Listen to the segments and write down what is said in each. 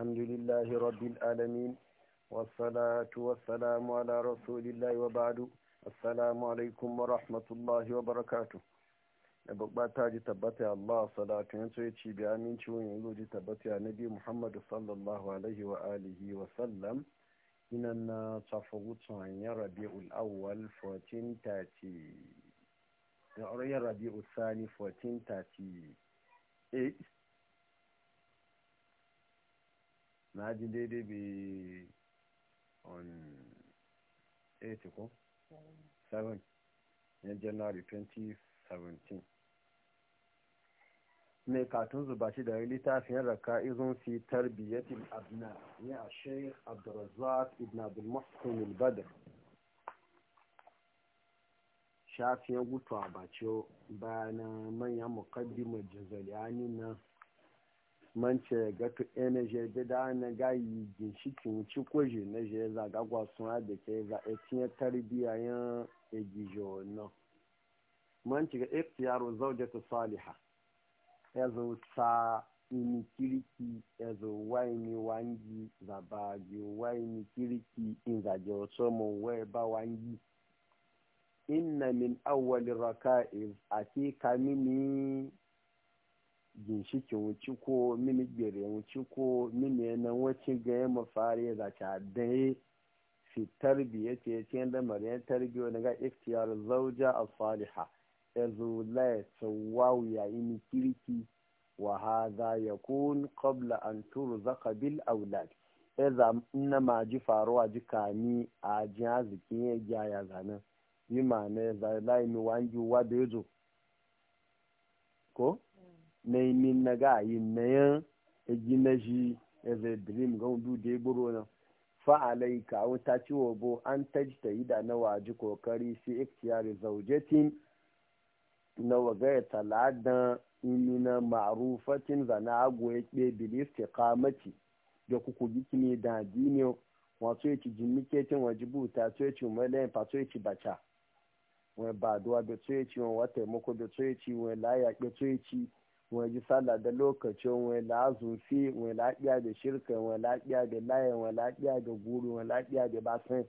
الحمد لله رب العالمين والصلاة والسلام على رسول الله وبعد السلام عليكم ورحمة الله وبركاته ji tabbata Allah salatu yin ya ci bi aminci ya nabi Muhammad sallallahu alaihi wa da sani máa di déédéé bí on eight kó seven ní january 2017 seventeen mai katun zuba shi da littafin raka izun fi tarbiyyatin abna ne a sheikh abdurrazzaq ibn abdul muhsin al-badr shafiyan gutu a bacho bayan manyan mukaddimar jazaliyani na mance ga to energy da da na ga yi ginshikin ci kwaje na je za ga gwasun da ke za e a e e tiye tarbiya yan egijo no mance ga iftiyaru zawjatu salihah ezo sa ini kiriki ezo waini wangi za baji waini kiriki in za je so mo we ba wangi inna min awwali raka'iz akika mini ginshikin wuci ko mini gbere wuci ko mini yanan wacin ga ya mafari ya zaci adai fi tarbiya ce ya ce lamar yan tarbiyya ga iftiyar zauja a saliha ya zula ya tsawawu yayin kirki wa za ya kun qabla an turu zaka bil aulad ya na ma ji faruwa ji kani a ji azikin ya gya ya zanen yi ma na ya zai laimi wangi wa da ya zo ko na min na ga yi e na yan egi na shi eze dream ga hundu da ya na fa'alai ka wuta ciwo bo an tajta yi da na waji kokari si ikhtiyari zaujetin na wagaya taladan na ma'rufatin zana agwo ya ke bilis ke kamaci da kuku ne da adini wato ya ci jimiketin wajibuta to ya ci umelayin fa to ya ci bacha wani baduwa da to ya ci wani wata mako da ya ci wani laya da to ya ci wani ji sallah da lokacin wani lazunfi wani lafiya da shirka wani lafiya da layan wani lafiya da guru wani lafiya da basan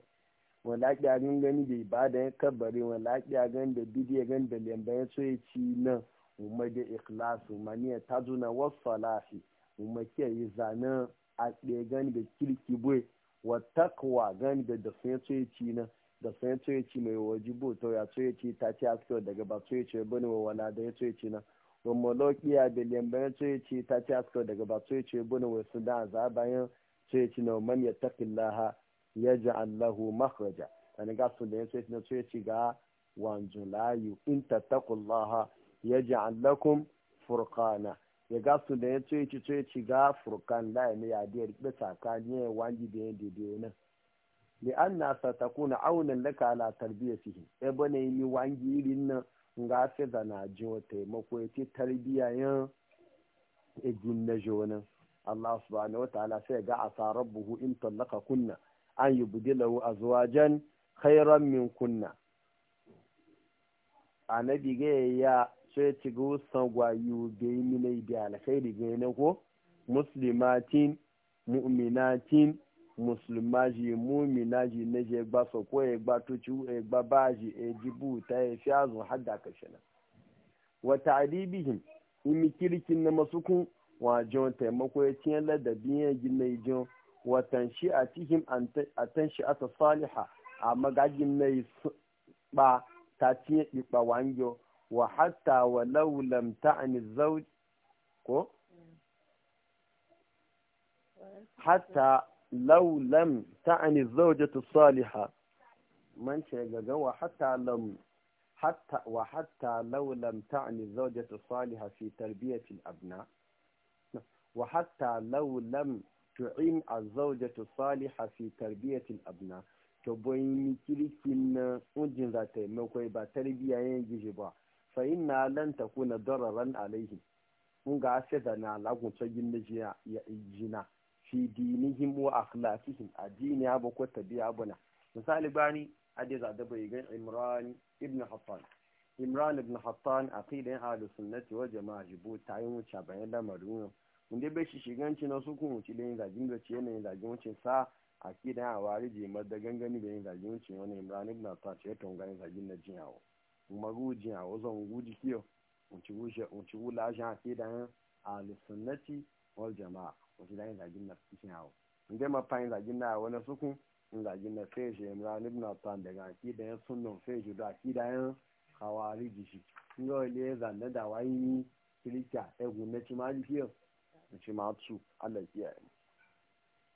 wani lafiya gan gani da ibada ya kabari wani lafiya gan da bidiyo gan da lemba ya so ya ci nan umar da ikhlasu ya ta zuna wasu lafi umar ke yi zanen a ɗaya gan da kirki bai wa takwa gan da da sun ya so ya ci nan da sun ya so ya ci mai wajibu to ya so ya ci ta ce a daga ba so ya ci bane wa wala da ya so ya ci nan romolokiya da lembayan tsoyaci ta ci aska daga ba tsoyaci bune wasu da azabayan tsoyaci na man ya tafi laha ya ji allahu makhraja ta ni gasu da ya tsoyaci na tsoyaci ga wanzu layu in ta taku laha ya ji allakum furkana ya gasu da ya tsoyaci tsoyaci ga furkan laye ne ya biyar ɗi tsakanin e, da ya daidai nan li an na sa takuna aunan laka ala tarbiyyar fihi ebe ne yi wangi irin e nan nga fi da na ji wa taimako ya ce tarbiya yan egin na jona Allah subhanahu wa ta'ala sai ga asarar buhu in tallaka kunna an yi budilawu a zuwa jan kairan min kunna a na diga ya sai ci ga wasan gwayo da yi mina da alkhairi ga ko muslimatin mu'minatin musulma ji mumina ji na je gba soko ya e gba tuci ya e gba baji ya e ji buta ya fi azu har da kashe wa wata adibihim imi kirkin na masukun wajen taimako ya ciyar ladabin ya gina ijon watan shi a cikin atan shi ata saliha a magajin na ba ta ciyar ɗiɓa wanjo wa hatta wa laulam ta'ani zauj ko mm. hatta law lam ta'ani zawjatu salihah wa hatta lam hatta wa hatta law fi tarbiyati al-abna wa hatta law lam tu'in az za ta ba tarbiya yin ba fa inna dararan alaihi mun ga ashe da na lagun ta ya jina fi dinihim wa akhlaqihim addini ya bako tabiya bana misali bani ade za da bai gan imran ibn hattan imran ibn hattan aqidan ahlus sunnati wa jamaa jibu tayin wuce bayan lamarin mun dai bai shi shiganci na su kun wuce da zagin da ce yanayin zagin wuce sa aqidan a mar da gangani da yin zagin wuce wani imran ibn hattan ce ton gani zagin na jiyawo maru jiyawo zan guji kiyo wuce wuce wuce wuce aqidan ahlus sunnati wal jamaa wakila yin zagin na cikin hawa in dai mafa yin zagin na wani suku in zagin na sai shi imra ni na tan daga ki da yan sunan sai shi da ki da yan hawari shi in ga wale ya zanne da wayi ni kirista ya gunne ci ma jikiyar in ci ma su allah kiyaye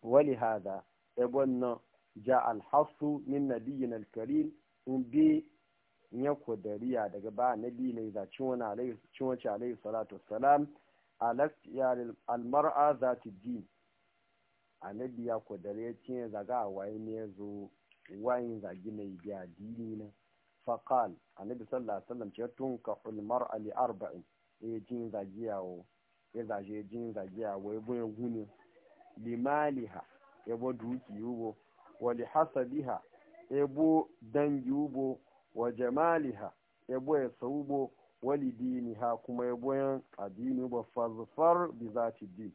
wali hada ebon nan ja alhassu min nabiyyin alkarim in bi ya kodariya daga ba nabi ne za ciwon alayhi salatu wassalam alaktiyar almar'a za ta di annabi ya kwadare ya ce zaga a waye ne zo wayin zagi mai biya dini na faƙal annabi sallallahu alaihi wasallam ce tun ka ulmar ali arba'in ya e, yi jin zagiyawo ya e zaje jin zagiyawo ya e bude gune limaliha ya bo duki yubo wa li hasabiha ya bo dangi yubo wa jamaliha ya bo ya saubo walidini ha kuma ya boyan addini ba fazfar bi za ta din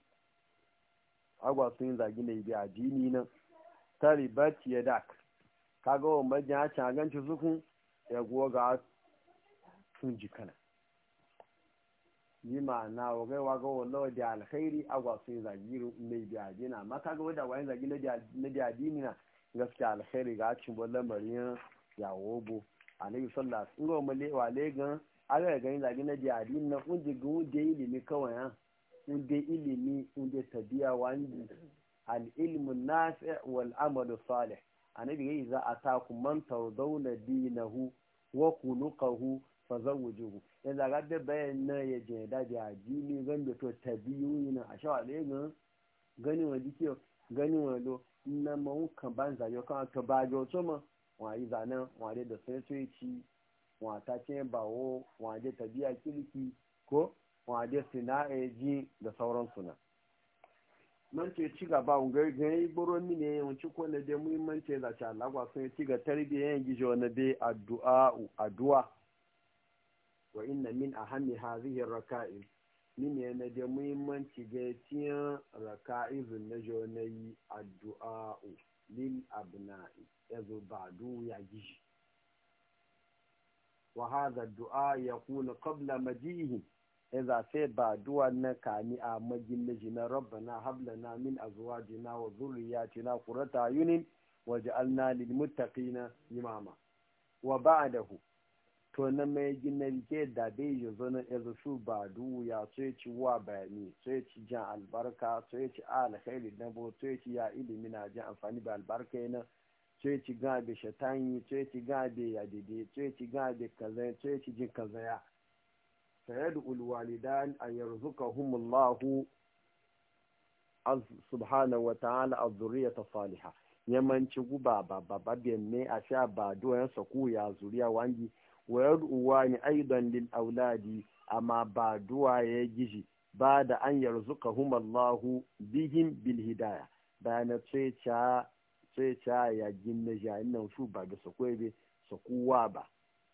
agwa sun yi zagi na ibi addini nan talibat ya dak kaga wa majin a can ganci sukun ya goga sun jikana yi ma'ana wa gaiwa ga lawa da alkhairi agwa sun yi zagi na ibi addini amma kaga wadda wani zagi na da addini na gaskiya alkhairi ga cin bo mariyan yawo bo a nabi sallallahu alaihi wa sallam aga gani zagi na jari na unje ga wunde ilimi kawai ha wunde ilimi unje tabiya wani al ilmu nafi wal amalu salih annabi yayi za a ta ku man tawdawna dinahu wa kunuqahu fazawujuhu yanzu ga da bayan na ya je da jaji ni zan da to tabiyu na a shawa le gan gani wa dike gani wa lo na mun kan banza yo kan ka ba jo to ma wa yi zanan wa da sai sai ci wọn ta ce ba wo wọn je tabiya kirki ko wọn je ji da sauran suna. man ce ci gaba ungar gani gboro mine wọn da muhimmanci da ci alagwa sun ci ga tarbiyyar gijo na be addu'a addu'a wa inna min a ha hadhihi raka'i mine na da muhimmanci ga tiyan zun na jo na yi addu'a lil ya zo ba du ya gishi wa hadha du'a kula kabla majihi idza sai ba du'a na kani a majin na jina rabbana min a min azwajina wa dhurriyyatina qurrata ayunin waj'alna lil muttaqina imama wa ba'dahu to na mai gina rike da bai yi zo na yanzu su ba duwu ya so ya ci wa bayani so ci jan albarka so ci alkhairi na bo so ya ci ya ilimi na jan amfani da albarka yana sai ci gabe shatanyi sai ci gabe yadede sai ci gabe kaza sai ci jin kaza ya sayadul walidan an yarzuqahumullahu subhanahu wa ta'ala az-zurriyata salihah yamanci guba ba baba ne a sha ba doyan saku ya zuriya wangi wayar uwa ni aidan lil auladi amma ba duwa ya giji ba da an yarzuqahum Allahu bihim bil hidayah bayan sai sai ya ah, gina jayin nan su ba da sakwai be sakuwa ba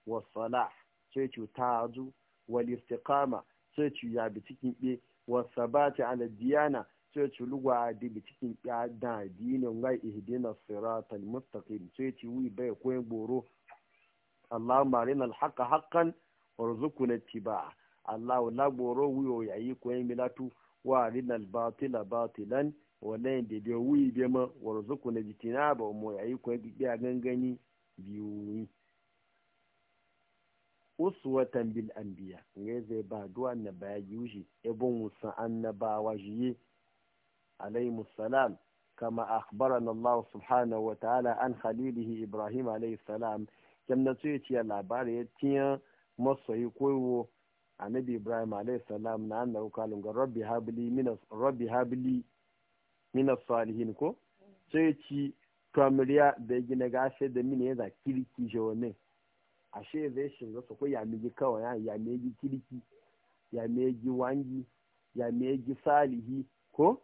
wa sala sai ci tazu wal istiqama sai ci ya bi cikin be wa sabati ala diyana sai ci lugwa di bi cikin ya da dinin ga ihdina siratal mustaqim sai ci wi bai koyin boro Allah marina al haqqan warzuqna ittiba'a Allah la boro wi o yayi koyin milatu wa rinal batila batilan wannan da biyo wuyi biyo ma warzuku na jitina ba mu yayi ko biya gangani biyu uswatan bil anbiya ne zai ba duwa na baya yushi ibn musa annabawa jiye alayhi musallam kama akhbarana Allah subhanahu wa ta'ala an khalilihi Ibrahim alayhi salam kam na ce ya labari ya tiya masoyi koyo annabi Ibrahim alayhi salam na annahu kalun rabbi habli minas rabbi habli mina salihin ko sai ci kamariya da gina gashe da mini yana kirki jawane ashe zai shiga su ko ya miji kawai ya miji kirki ya miji wangi ya miji salihi ko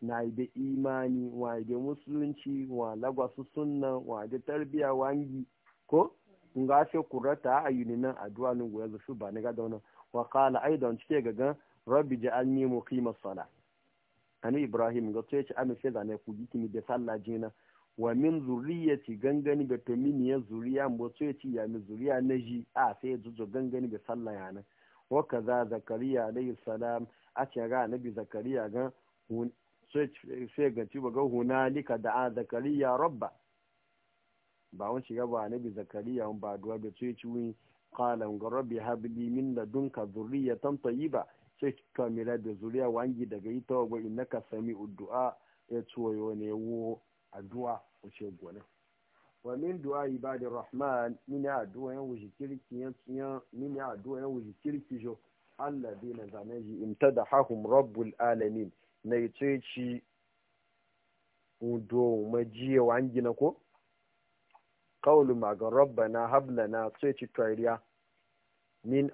na da imani wa da musulunci wa lagwasu sunna wa da tarbiya wangi ko ga se kurata a yuninan a nun goya zufi ba ni ga dauna wa qala aidan cike gagan rabbi ja'alni muqima salat ani ibrahim ga tsoye ci amince zane ku gikini da sallah jina wa min zuriyati gangani da to ya zuriya mu ya ci ya mi zuriya na ji a sai ya zuzo gangani da sallah yana wa kaza zakariya alayhi salam a ce ga annabi zakariya ga sai ga ci ga hunalika da zakariya rabba ba wani shiga ba annabi zakariya ba duwa da tsoye ci wani qala rabbi habli min ladunka dhurriyatan tayyiba sai kamila da zuriya wangi daga yi tawago in naka sami uddu'a ya ciwoyo ne wo addu'a ce gona wa min du'a ibadir rahman mini addu'a yan wuce kirki yan tsiyan mini addu'a yan wuce kirki jo Allah bi na zane ta da hahun rabbul alamin na yi ce ci udo majiya wangi na ko kawulu na habla na sai ci tariya min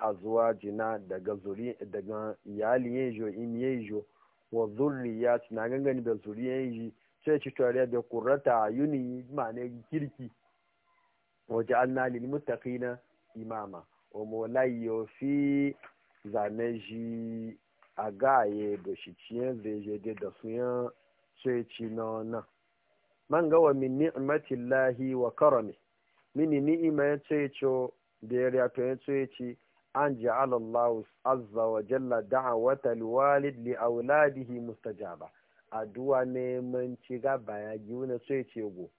jina daga zuri daga yin jo in yejo wa zurriyati na gangani da ya ji sai ci tare da kurata yuni mane kirki wa ja'alna lil na imama wa mawlayo fi zaneji agaye da shi ciyen zai da suyan sai ci na nan man ga wa min ni'matillahi wa karami mini ni'ima ya ce da ya riyato ya ce ce an ji alallahu azza wa jalla da'a wata walid li auladihi mustajaba addu'a neman ci gaba ya ji wani ya ce go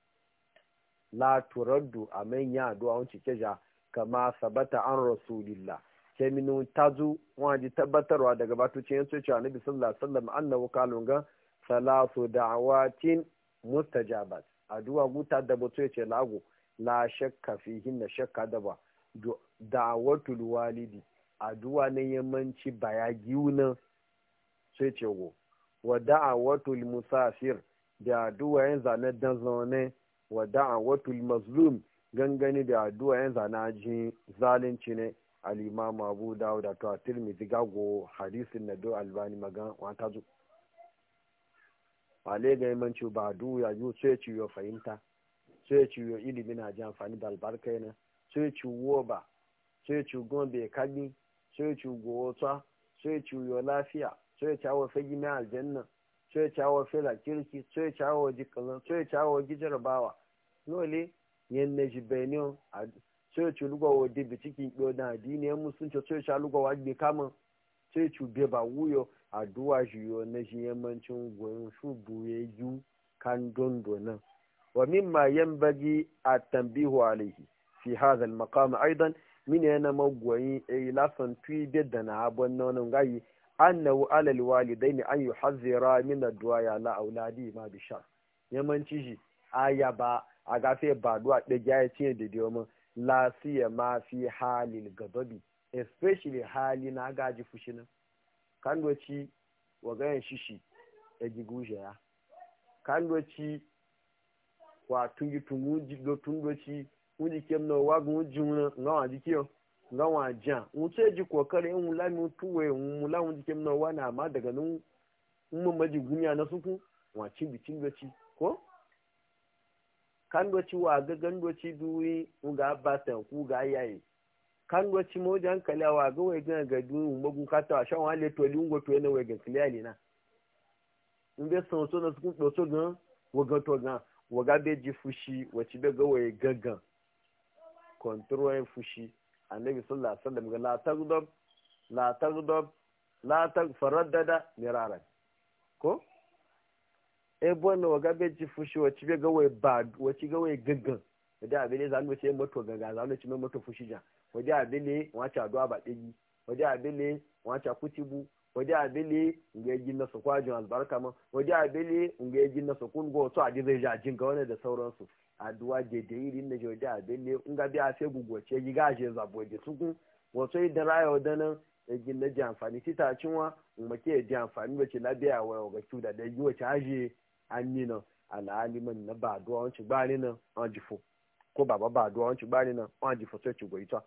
la turaddu a man addu'a wani cike ja kama sabata an rasulillah keminu tazu wani ji tabbatarwa daga batucin yin soce annabi sallallahu alaihi a annahu kalun ga salatu da'awatin mustajabat addu'a guta da batu ya ce lagu la shakka fihin na shakka da da'awatul walidi addu'a na yammanci bayagiyu nan sai ce go wa da'awatul musafir da addu'a yan zane dan zaune wa da'awatul mazlum gangani da addu'a yan zane ji zalunci ne al-imam Abu dawo da diga gago hadisin na do albani magan wata zu wale ga yammanci ba addu'a yu sai ciyo fahimta sai ciyo ilimi na ji amfani da albarka yana sai ci woba sai ci gombe kagbi sai ci gowota sai ci yo lafiya sai ci na aljanna sai ci awo kirki sai awo jikalin sai awo gijarabawa lole na benin sai ci lugwa wa adini yan musulunci sai ci wa gbe kama ba wuyo aduwa shi yo na shi yammancin shubu ya kan dondo wa mimma alaihi fi haza al aidan min yana magwayi e lasan tuyi da na na nan gayi annahu alal walidai walidaini an ra min duwa ya ala auladi ma bi shar yamanci shi ya ba a gafe ba du'a da jaya cinye da diyo mun la ma fi halin gababi especially hali na gaji fushina kan doci wa gayan shishi ya ji ya kan doci wa tungi tungu tun tundoci wani ke na wagun juna ngawa jikiyo ngawa ja wuce ji kokare in wula mi tuwe wula wani ke na wani amma daga nan mun maji gumiya na suku wa ci bi cin gaci ko kan gaci wa ga gan gaci duwi ga bata ku ga yayi kan gaci mo jan kala wa ga wai ga ga duwi magun kata shan wale to lingo to yana wai ga clearly na in be son na suku gan wo gan ga ji fushi ga gangan kontrol fushi annabi sallallahu alaihi wasallam ga la tagdab la tagdab la tag faraddada miraran ko e bonno ga be ji fushi wa ci be ga way bad wa ci ga way gaggan da abin ne zanu ce moto gaga zanu ce moto fushi ja waje abin ne wa ci adwa ba digi waje abin ne wa ci kutibu waje abin ne nge ji na su kwajin albarka ma waje abin ne nge ji na su kun go to a ji zai ja jin ga wani da sauransu aduwa dede iri na jode abele nga bi afe gugu ce yi gaje zabo de tukun wato yi dara ya wadana da gin e na ji amfani tita cinwa ma ke ji amfani wace labiya wa ga kiu da da yi wace aje an ni na al'aliman na ba aduwa wancin gbani na an jifo ko baba ba aduwa wancin gbani na an jifo sai ci goita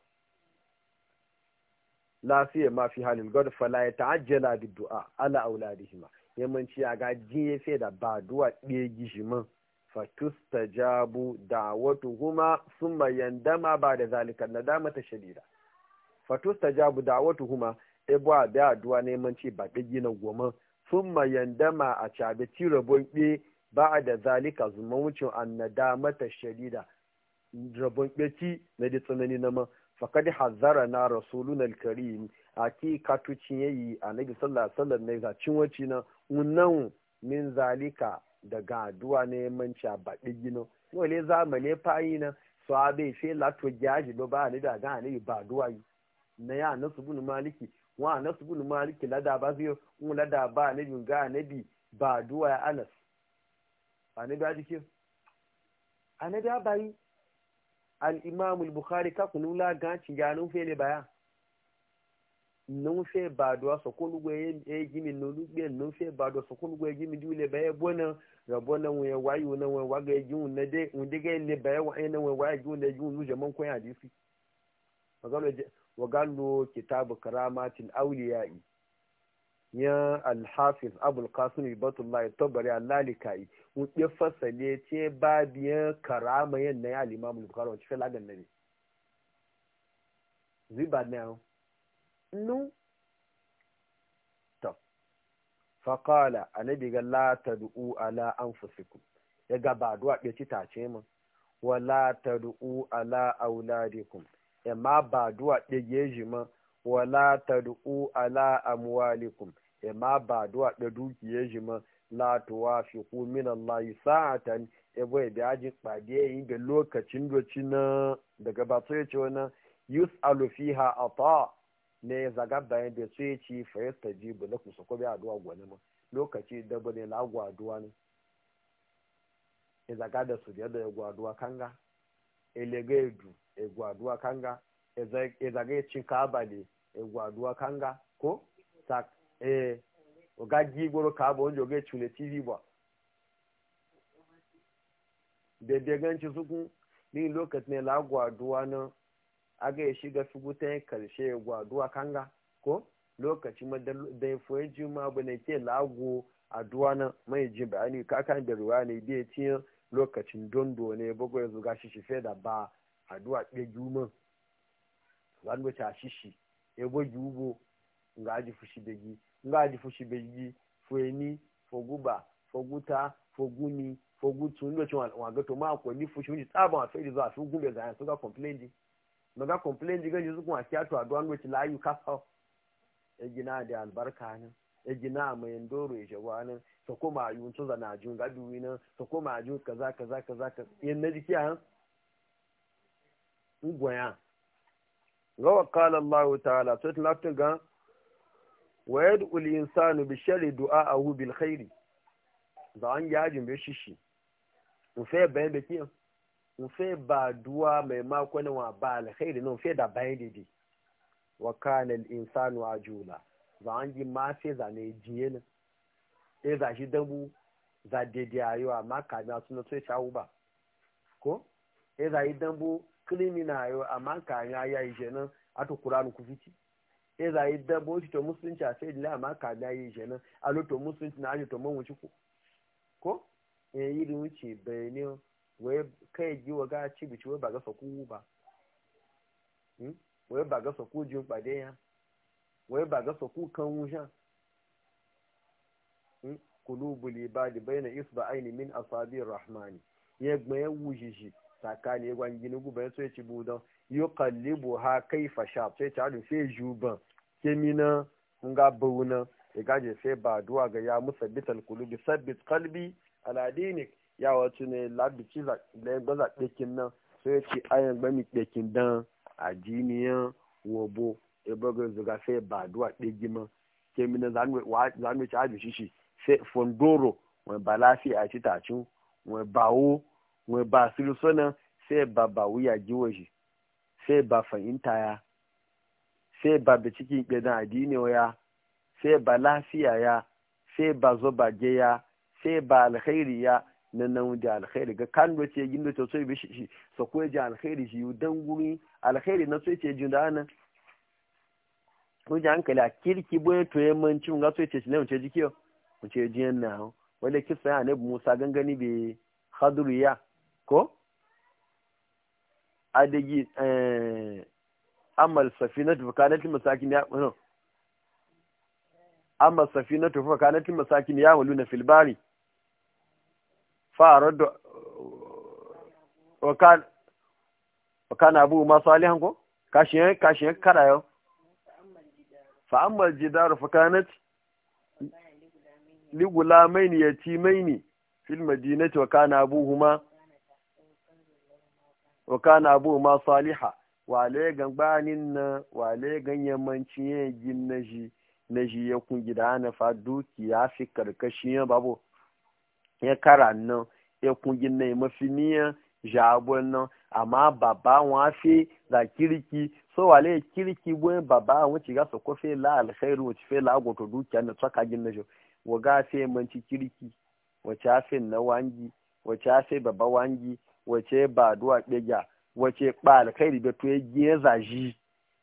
lafiya e ma fi halin god fala ya e ta'ajjala bi du'a ala auladihima yamanci ya ga jiye fe da ba aduwa ɗaya gishiman fatustajabu da'watuhuma thumma yandama ba'da zalika nadamata shadida fatustajabu da'watuhuma ebo abi aduwa neman ci ba gigi na goma thumma yandama a cabe ci rabon ba'da zalika zuma wucin annadamata shadida rabon beci na da tsanani na ma faqad hazara na rasulunal alkarim a ki katucin yayi a sallallahu alaihi wasallam ne za cin na unnan min zalika daga aduwa ne manci a baɗi gino wale zamane fayi na su abe fe lato gyaji do ba ni daga yi ba duwa yi na ya nasu bunu maliki wa nasu bunu maliki lada ba zai un lada ba ne bin ga bi ba aduwa ya anas ba a ba jike a bayi al-imamul bukhari kakunu la ganci ganin ne baya nufe ba da wasu kulugwe ya gimi nulugbe nufe ba da wasu kulugwe ya gimi dule ba ya bona rabo na wuya wayo na wuya waga ya gimi na de wunde ga ile ba ya wa'ayi na wuya waya gimi na gimi nuje man kwaya hadisi wagalo kitabu karamatin auliya'i ya alhafiz abul qasim ibatullahi tabari alalikai wuce fasale ce babiyan karama yan na ya limamu bukhari wacce fi lagan na ne ziba na yau hannu ta faƙala annabi ga ya ga ba duwa ci tace wala tad'u ala auladikum ya ba duwa ya ala amwalikum ba duwa ya ji la min Allah sa'atan ebo ya biyaji kpade lokacin doci na daga ba so ya fiha ata ne zaga bayan da su ya ci fayasta ji bu na kusa kobe aduwa gwani ma lokaci da bane na aduwa ne ya zaga da su da ya gwaduwa kanga elege edu ya gwaduwa kanga ya zaga ya cin kaba ne ya gwaduwa kanga ko ta eh ga gigoro kaba wanda ya cune tv ba da ganci sukun ni lokacin ne la gwaduwa na aga ya shiga figutan karshe ya gwaduwa kanga ko lokaci da ya fuwa ji ma abu ne ke lagu aduwa na mai ji bayani kakan da ruwa ne bai ci lokacin dondo ne bugu ya zuga shi shife da ba aduwa ɗe juma wani wace a shishi ya bo jugo nga aji fushi begi nga aji fushi begi fueni foguba foguta foguni fogutu ndo chwa wagato ma ko ni fushi ni tsaba fa ilizo afi gumbe za suka complain ga complain diga yanzu kuma kiya to aduwan wuce layu kasa ya e gina da albarka nan ya e gina mai ndoro ya e shawa nan ta koma yun na zana jun gaduwi nan ta koma jun kaza kaza kaza ka yan na jiki han ugwaya ga wa qala Allah ta'ala to laftin ga wa yad'u al-insanu bi a hu bil khairi da an yajin bai shishi mu fe bayan da kiyan nfe ba duwa mai makonin wa ba alkhairi na nfe da bayan didi wa kanal insanu a jula za an ji ma sai za ne jiye na e za shi dabu za dede a yiwa ma kami a suna tsoye ya ba ko e za yi dambu krimina a yiwa amma ya a yayi jenan a to kura ku fiti e za yi dambu shi to musulunci a sai jila amma kami a yi jenan a lo to musulunci na aji to mun wuce ko e yi wuce bayanin wai kai ji wa ga ci bici wai ba ga saku ba hmm? wai ba ga saku jin ya wai ba ga saku kan hmm? kulubu libadi bayna isba aini min asabi rahmani ya gbaye wujiji tsakani gwan gini guba ya tsoye ci budan yi kallibu ha kai fasha tsoye ci hadu sai juban kemina nga bauna ya gaje sai ba duwa ga ya musabbitan kulubi sabbit kalbi aladinik yawa tu ne ya lagbaza ɗakin nan sai ya ce ayan gbami ɗakin dan ajiniyan wobo ebogo ga sai ba duwa ɗegi ma ke mina zanu ci aji shishi sai fondoro wani ba lafiya a ci tacin wani bawo wani ba suna sai ba ba wuya giwa shi sai ba fahimta ya sai ba da cikin ƙidan adini ya sai ba lafiya ya sai ba zuba ya sai ba alkhairi ya na nan da alkhairi ga kan do ce gindo to so bi shi so ko ja alkhairi shi dan guri alkhairi na so ce jinda ana? ko ja hankali a kirki boye to yammanci mun ga so ce ne mun ce jikiyo mun ce jiyan na wala kisa ya bu Musa gangani be ya ko adagi eh amal safinatu kanatu masakin ya no amma safinatu fa kanatu masakin ya waluna fil bari fa'arar da wakana abu masu alihan ko kashiyan kashiyan karayo fa'ammal jidar fakanat ligulamai ne ya ci mai ne fil madinati wakana abu huma wakana abu ma wa wale gangbanin na wale ganyamanci ya gin na shi na shi ya kun gida na fa dukiya fi karkashin babu ya kara nan ya kungin na mafi niyan jabon nan amma baba wọn fi da kiriki so wale kiriki wọn baba wọn ci gasa ko fi la alkhairu ci fi la agoto dukiya na tsaka gin na wa ga fi manci kiriki wace afin na wangi wace afe baba wangi wace ba duwa ɗega wace ba alkhairu bai to ya zaji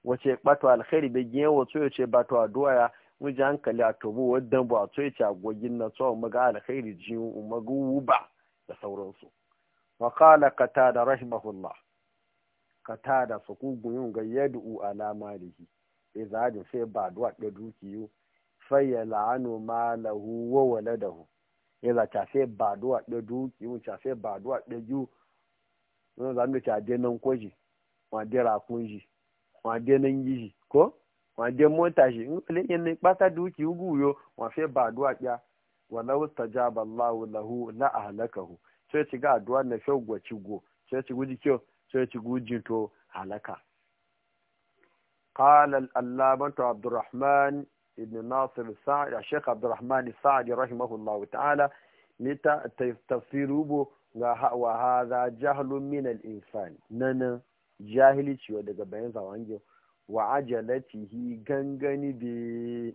wace ba to alkhairi da giye wato ya ce ba to ya wajen hankali a tobo wadda ba a tsoye cagogin na tsawon maga alkhairi jiyun umaru ba da sauransu wa kala kata da rahimahullah kata da su kugunin ga yadu alama da shi sai zaɗin sai ba duwa da dukiyu fayya la'anu ma lahu wa wale da hu ya za ta sai ba duwa da dukiyu ta sai ba duwa da ju wani zamu ta denan kwaji wa dera kunji wa denan gishi ko wọn jẹ mọta ṣe nípele yẹn ní pátá dúkìá ugu yọ wọn fẹ bá àdúrà pia wọn lọwọ tajà abaláwo lahu la àhàlákàhu tí wọn ti gá àdúrà náà fẹ gbọ̀chí gbò tí wọn ti gúdí kí tí wọn ti gúdí tó àhàlákà. قال الألامة عبد الرحمن ابن ناصر السعد الشيخ عبد الرحمن السعدي رحمه الله تعالى tafsirubu wa hadha jahlun min al-insan nan jahili ciwo daga bayan wa ajalatihi gangani da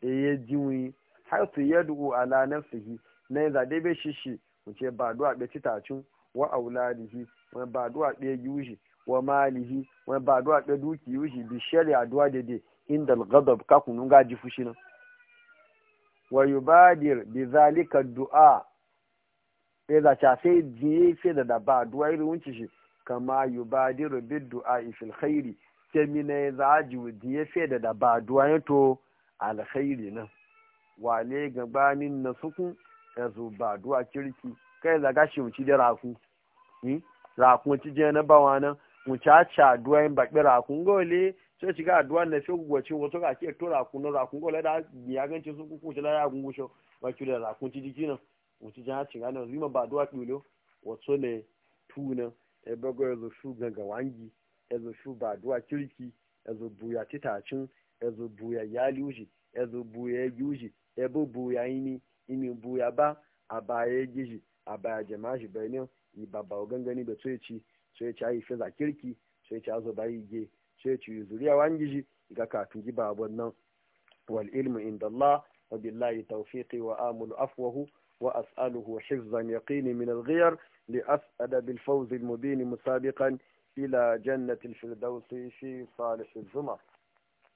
e ya jiwi har su yadu ala nafsihi na yanzu dai bai shishi wuce ba duwa bai ci wa auladihi wani ba duwa bai yushi wa malihi wani ba duwa bai duki yushi bi shari'a duwa da dai inda al-ghadab ka kunun gaji fushi nan wa yubadir bi zalika du'a sai e da ta sai jiye sai da ba duwa irin wuce shi kama yubadiru bi du'a fil khairi kemine za a ji wudi ya fiye da dabaduwa ya to alkhairi nan wale gabanin na suku ya zo baduwa kirki kai za ga shi wuci da raku hmm? raku ci je na bawa nan wuce a ci aduwa yin baƙi raku gole sai shiga aduwa na fi gwace wasu ga ke to raku na raku gole da ya ganci su kuku shi laya gungusho ba ki da raku ci jiki nan wuce jan ci ga nan zima baduwa ɗulo wasu ne tunan ebe gwa ya zo su ga wangi ezo shuba duwa kirki ezo buya titacin ezo buya yali ezo buya yuji ebo buya ini ini buya ba abaya giji a jama'a shi bayanin ibaba gangani da tsoyaci tsoyaci ayi fiza kirki tsoyaci azo yi ge tsoyaci zuriya wani giji ga kafin giba wannan wal ilmu inda Allah wa billahi tawfiqi wa amulu afwahu وأسأله حفظا يقيني من الغير لأسأل بالفوز mubini مسابقا إلى جنة الفردوس في صالح الزمر